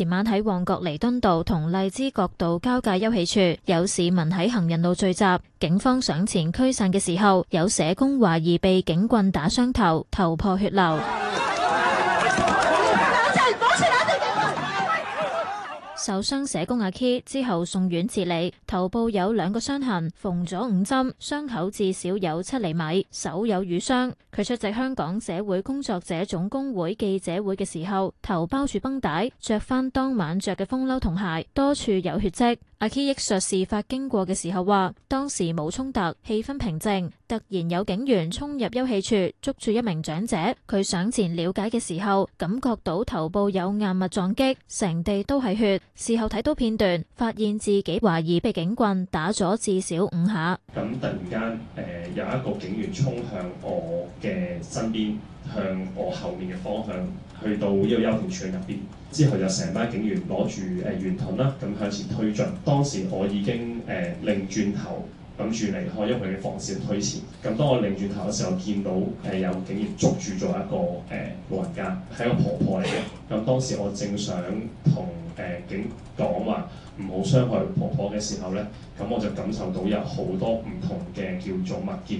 前晚喺旺角彌敦道同荔枝角道交界休憩處，有市民喺行人路聚集，警方上前驅散嘅時候，有社工懷疑被警棍打傷頭，頭破血流。受傷社工阿 K，之後送院治理，頭部有兩個傷痕，縫咗五針，傷口至少有七厘米，手有瘀傷。佢出席香港社會工作者總工會記者會嘅時候，頭包住繃帶，着翻當晚着嘅風褸同鞋，多處有血跡。阿 Key 憶述事發經過嘅時候話，當時冇衝突，氣氛平靜，突然有警員衝入休息處捉住一名長者，佢上前了解嘅時候，感覺到頭部有硬物撞擊，成地都係血。事後睇到片段，發現自己懷疑被警棍打咗至少五下。咁突然間，誒、呃、有一個警員衝向我嘅身邊，向我後面嘅方向。去到呢個休憩處入邊，之後就成班警員攞住誒圓盾啦，咁、呃嗯、向前推進。當時我已經誒擰轉頭，諗住離開，因為佢嘅防線推前。咁、嗯、當我擰轉頭嘅時候，見到誒、呃、有警員捉住咗一個誒、呃、老人家，係一個婆婆嚟嘅。咁、嗯、當時我正想同誒警講話唔好傷害婆婆嘅時候呢，咁我就感受到有好多唔同嘅叫做物件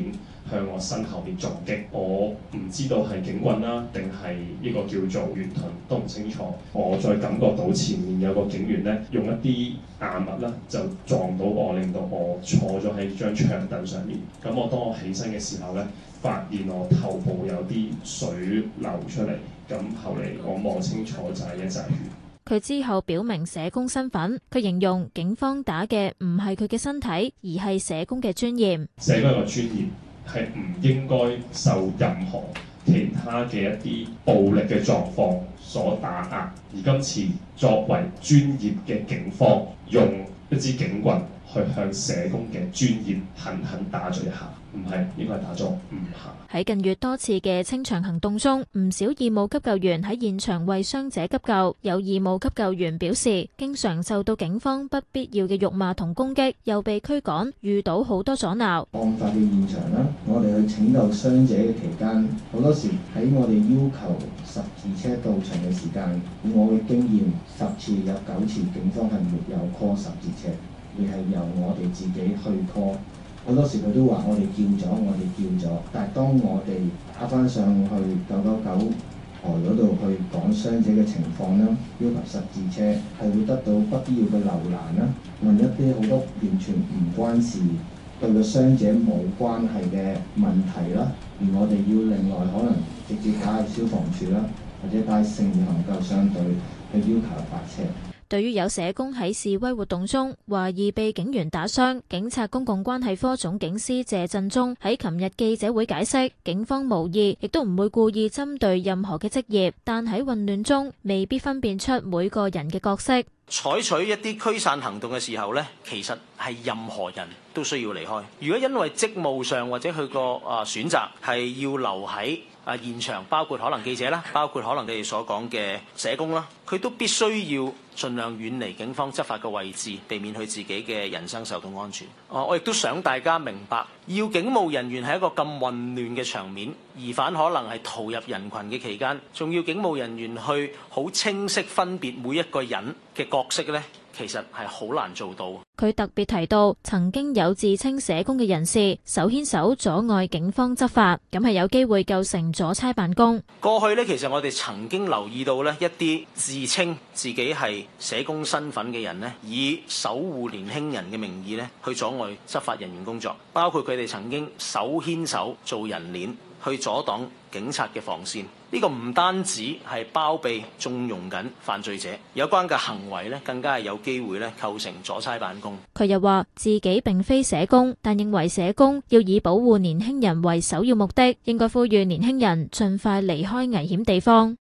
向我身後邊襲擊，我唔知道係警棍啦，定係呢個叫做圓盾都唔清楚。我再感覺到前面有個警員呢，用一啲硬物呢，就撞到我，令到我坐咗喺張長凳上面。咁我當我起身嘅時候呢，發現我頭部有啲水流出嚟。咁後嚟我望清楚就係一紮血。佢之後表明社工身份，佢形容警方打嘅唔係佢嘅身體，而係社工嘅尊嚴。社工嘅尊嚴係唔應該受任何其他嘅一啲暴力嘅狀況所打壓，而今次作為專業嘅警方，用一支警棍。去向社工嘅尊嚴狠狠打咗一下，唔係應該打咗五下。喺近月多次嘅清場行動中，唔少義務急救員喺現場為傷者急救。有義務急救員表示，經常受到警方不必要嘅辱罵同攻擊，又被驅趕，遇到好多阻撓。案發嘅現場啦，我哋去拯救傷者嘅期間，好多時喺我哋要求十字車到場嘅時間，以我嘅經驗，十次有九次警方係沒有 call 十字車。亦係由我哋自己去 call，好多時佢都話我哋叫咗，我哋叫咗，但係當我哋打返上去九九九台嗰度去講傷者嘅情況啦，要求十字車係會得到不必要嘅留難啦，問一啲好多完全唔關事、對個傷者冇關係嘅問題啦，而我哋要另外可能直接打去消防處啦，或者帶聖約翰救傷隊去要求發車。對於有社工喺示威活動中懷疑被警員打傷，警察公共關係科總警司謝振中喺琴日記者會解釋，警方無意，亦都唔會故意針對任何嘅職業，但喺混亂中未必分辨出每個人嘅角色。採取一啲驅散行動嘅時候咧，其實係任何人都需要離開。如果因為職務上或者佢個啊選擇係要留喺啊現場，包括可能記者啦，包括可能你哋所講嘅社工啦，佢都必須要盡量遠離警方執法嘅位置，避免佢自己嘅人身受到安全。哦，我亦都想大家明白，要警務人員係一個咁混亂嘅場面，疑犯可能係逃入人群嘅期間，仲要警務人員去好清晰分別每一個人嘅角色咧，其實係好難做到。佢特別提到，曾經有自稱社工嘅人士手牽手阻礙警方執法，咁係有機會構成阻差辦公。過去咧，其實我哋曾經留意到咧一啲自稱自己係社工身份嘅人咧，以守護年輕人嘅名義咧去阻礙執法人員工作，包括佢哋曾經手牽手做人鏈。去阻擋警察嘅防線，呢個唔單止係包庇縱容緊犯罪者，有關嘅行為呢，更加係有機會咧構成阻差辦公。佢又話自己並非社工，但認為社工要以保護年輕人為首要目的，應該呼籲年輕人盡快離開危險地方。